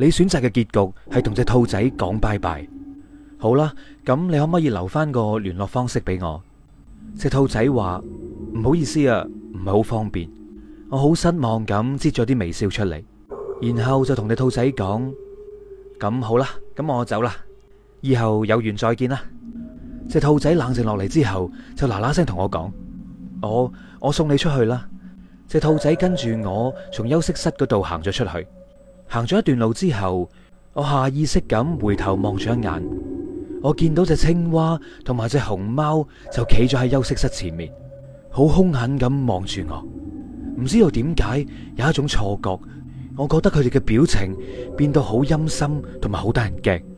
你選擇嘅結局係同隻兔仔講拜拜。好啦，咁你可唔可以留翻個聯絡方式俾我？隻兔仔話唔好意思啊，唔係好方便。我好失望咁，擠咗啲微笑出嚟，然後就同隻兔仔講：咁好啦，咁我走啦，以後有緣再見啦。只兔仔冷靜落嚟之後，就嗱嗱聲同我講：我我送你出去啦。只兔仔跟住我從休息室嗰度行咗出去。行咗一段路之後，我下意識咁回頭望咗一眼，我見到隻青蛙同埋隻熊貓就企咗喺休息室前面，好凶狠咁望住我。唔知道點解有一種錯覺，我覺得佢哋嘅表情變到好陰森同埋好得人驚。